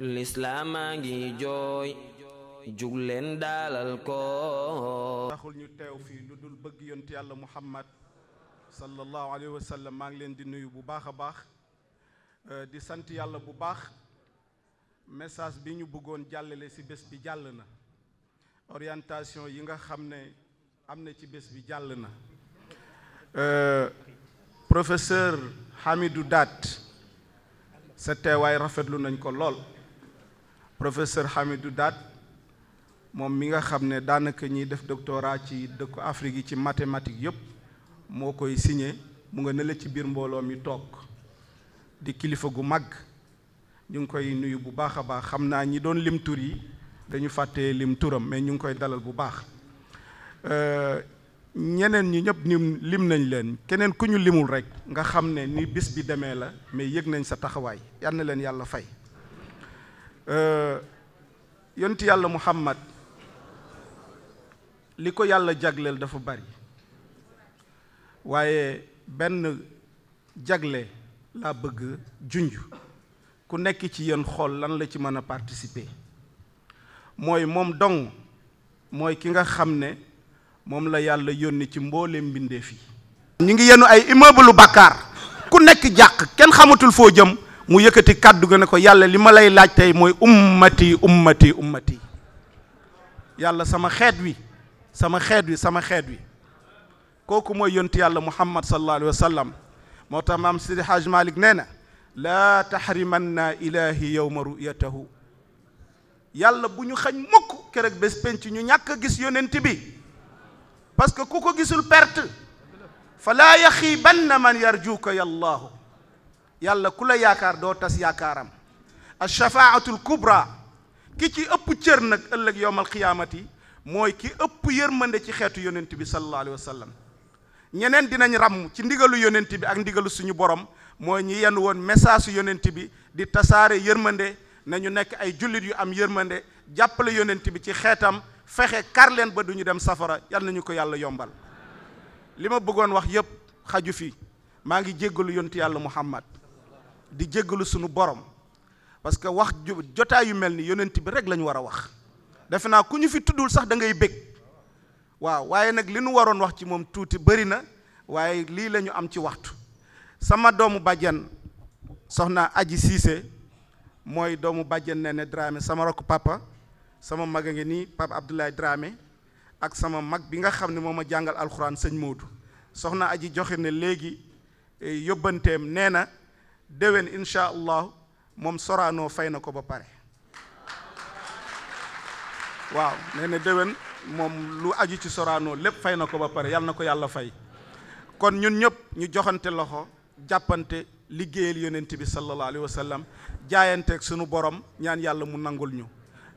a ngi jooy jug leen daalal ko taxul ñu teew fii lu dul bëgg yontu yàlla muhammad sallallahu alayhi wa maa ngi leen di nuyu bu baax a baax euh, di sant yàlla bu baax message bi ñu bëggoon jàllale ci bés bi jàll na orientation yi nga xam ne am na ci bés bi jàll na euh, professeur Hamidou Daat sa teewaay rafetlu nañ ko lool professeur Hamidou Daat moom mi nga xam ne daanaka ñiy def doctorat ci dëkku Afrique yi ci mathématique yëpp moo koy signé mu nga nële ci biir mbooloo mi toog di kilifa gu mag ñu ngi koy nuyu bu baax a baax xam naa ñi doon lim tur yi dañu fàttee lim turam mais ñu ngi koy dalal bu baax euh, ñeneen ñi ñëpp nim lim nañ leen keneen ku ñu limul rek nga xam ne ni bis bi demee la mais yëg nañ sa taxawaay yal na leen yàlla fay. Euh, yont yàlla muhammad li ko yàlla jagleel dafa bari waaye benn jagle laa bëgg junj ku nekk ci yéen xool lan la ci mën a participer mooy moom dong mooy ki nga xam ne moom la yàlla yónni ci mbooleem mbindeef yi ñu ngi yenn ay immeuble lu bàkkaar ku nekk jàq kenn xamatul foo jëm mu yëkkati kàddu ga ne ko yàlla li ma lay laaj tey mooy ummati ummati ummati yàlla sama xeet wi sama xeet wi sama xeet wi kooku mooy yontu yàlla muhammad sallallahu alayhi wa sallam moo tax maam sidi haj malik nee na laa tahrimanna ilahi yowma ruyatahu yàlla bu ñu xañ mukk keroog bés penc ñu ñàkk a gis yonent bi parce que ku ko gisul perte fa laa yaxiibanna man yarjuuka yallaahu yàlla ku la yaakaar doo tas yaakaaram alshafaatul kubra ki ci ëpp cër nag ëllëg yowmal qiyaamati mooy ki ëpp yërmande ci xeetu yonent bi sallallahu alayhi ñeneen dinañ ràmm ci ndigalu yonent bi ak ndigalu suñu borom mooy ñi yenn woon message su yonent bi di tasaare yërmande nañu nekk ay jullit yu am yërmande jàppale yonent bi ci xeetam fexe kar leen ba du ñu dem safara yal nañu ko yàlla yombal li ma bëggoon wax yépp xaju fi maa ngi jéggalu yontu yàlla muhammad di jéggalu sunu borom parce que wax jotaay yu mel ni yonent bi rek lañu ñu war a wax defe naa ku ñu fi tuddul sax da ngay bég waaw waaye nag li nu waroon wax ci moom tuuti bëri na waaye lii lañu am ci waxtu sama doomu bàjjan soxna Aji Siise mooy doomu bàjjan Néné Dramé sama rakk papa sama mag a ngi nii papa Abdoulaye Dramé ak sama mag bi nga xam ne moom ma jàngal alxuraan sëñ Moodu soxna Aji joxe ne léegi eh, yóbbanteem nee na déwén incha allahu moom Sorano fay na ko ba pare waaw nee na déwén moom lu aju ci Sorano lépp fay na ko ba pare yàlla na ko yàlla fay kon ñun ñëpp ñu joxante loxo jàppante liggéeyal yonent bi sallallahu alayhi wa sallam jaayanteeg sunu borom ñaan yàlla mu nangul ñu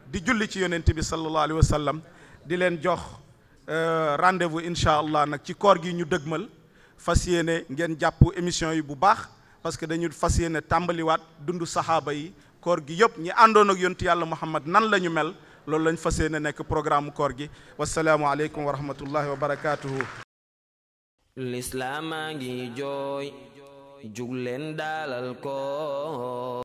di julli ci yonent bi sallallahu alayhi wa sallam di leen jox euh, rendez-vous incha allah nag ci koor gi ñu dëgmal fas yéene ngeen jàpp émission yi bu baax. parce que dañu fas yéene tàmbaliwaat dundu saxaaba yi koor gi yëpp ñi àndoon ak yontu yàlla muhammad nan la ñu mel loolu lañ fas yéene nekk programme koor gi wasalaamu aleykum wa rahmatullahi wa barakaatuhu lislaamaa ngi jooy jug daalal ko